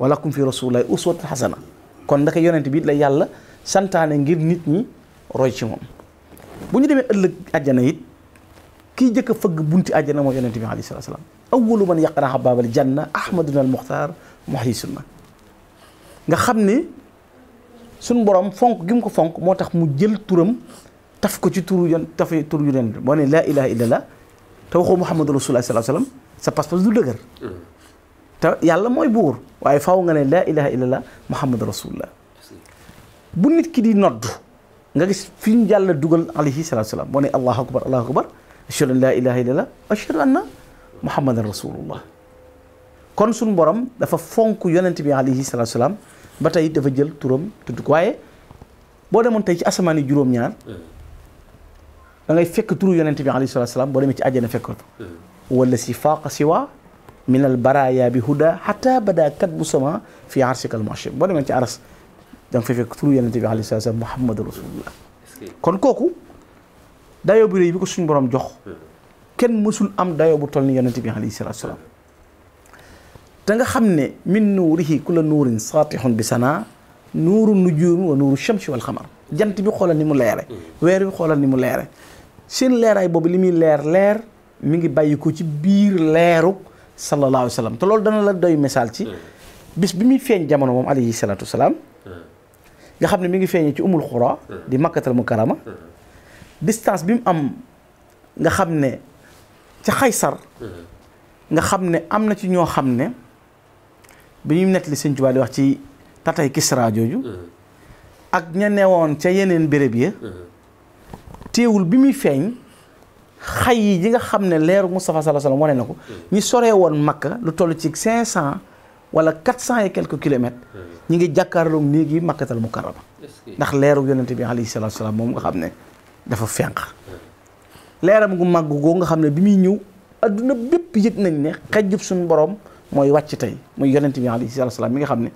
walakum fi rasulillahi uswatun xasana kon ndaka yonent bi la yàlla santaane ngir nit ñi roy ci moom bu ñu demee ëllëg àjjana yit kii jëkk a fëgg bunti àjjana mooy yonent bi alayhi salatu salaam awalu man yaqara xabaabal janna ahmaduna al muxtaar muhyi sunna xam ne suñ borom fonk gi mu ko fonk moo tax mu jël turam taf ko ci turu yon taf turu yonent moo ne laa ilaha illallah te waxoo muhammadu rasulullah sallallahu sa pas du dëgër mm. te yàlla mooy buur waaye faaw nga ne la laa ilaha illallah muhammad rasulullah bu nit ki di nodd nga gis fi ñu yàlla dugal alayhi salatu salaam boo ne allahu akbar allahu akbar ashhadu an laa ilaha illallah ashhadu anna muhammadan rasulullah kon sun borom dafa fonk yonent bi alayhi salatu salaam ba tey dafa jël turam tudd ko waaye boo demoon tey ci asamaan yi juróom-ñaar da ngay fekk turu yonent bi alayhi salaam boo demee ci àjjana fekk ko si mm-hmm. faaqa siwa minal baraya bi huda hatta bada kat bu sama fi arsikal machim boo demee ci aras da nga fay fekk turu yonent bi alayhi salaam muhammadu rasulullah kon kooku dayo bu rëy bi ko suñ borom jox kenn mësul am dayo bu toll ni yonent bi alayhi salaatu salaam te nga xam ne min nuurihi kula nuurin saatihun bi sanaa nuuru nujum wa nuuru shamsi wal xamar jant bi xoolal ni mu leere weer bi xoolal ni mu leere seen leeraay boobu li muy leer leer mi ngi bàyyi ci biir leeru sallallahu alayhi te loolu dana la doy misaal ci bis bi muy feeñ jamono moom alayhi salaatu salaam nga xam ne mu ngi feeñee ci umul xura di makkatal mukarama distance bi mu am nga xam ne ca xaysar nga xam ne am na ci ñoo xam ne bi ñuy nettali sëñ Tuubaa di wax ci tatay Kisra jooju ak ña newoon ca yeneen béréb ya teewul bi muy feeñ xay yi nga xam ne leeru Moustapha sallallahu alayhi wa sallam na ko hmm. ñi soree woon Makka lu toll ci cinq cent wala quatre cent et quelques kilomètres hmm. ñi ngi jàkkaarloog léegi yi Makkatal Mukarrama ndax leeru yonente bi alayhi salatu salaam moom nga xam ne dafa fenq hmm. leeram gu màgg goo nga xam ne bi muy ñëw adduna bépp yëg nañ ne xajjub suñu borom mooy wàcc tey muy yonente bi alayhi salatu salaam mi nga xam ne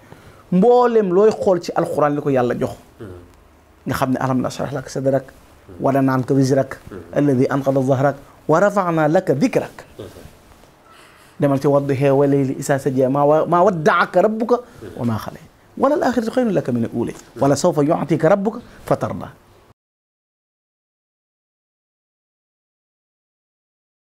mbooleem looy xool ci alxuraan li ko yàlla jox nga xam ne alam nashrah laka sadrak wadanaa anka wisrak alladi anqada zahrak wa rafaanaa laka dikrak demal ci wadduhaa wa layli isaa sajaa maa maa waddaaka rabbuka wa maa xalaa wala al axiratu xayrun laka min al uulaa wala sawfa yu'tiika rabbuka fa tardaa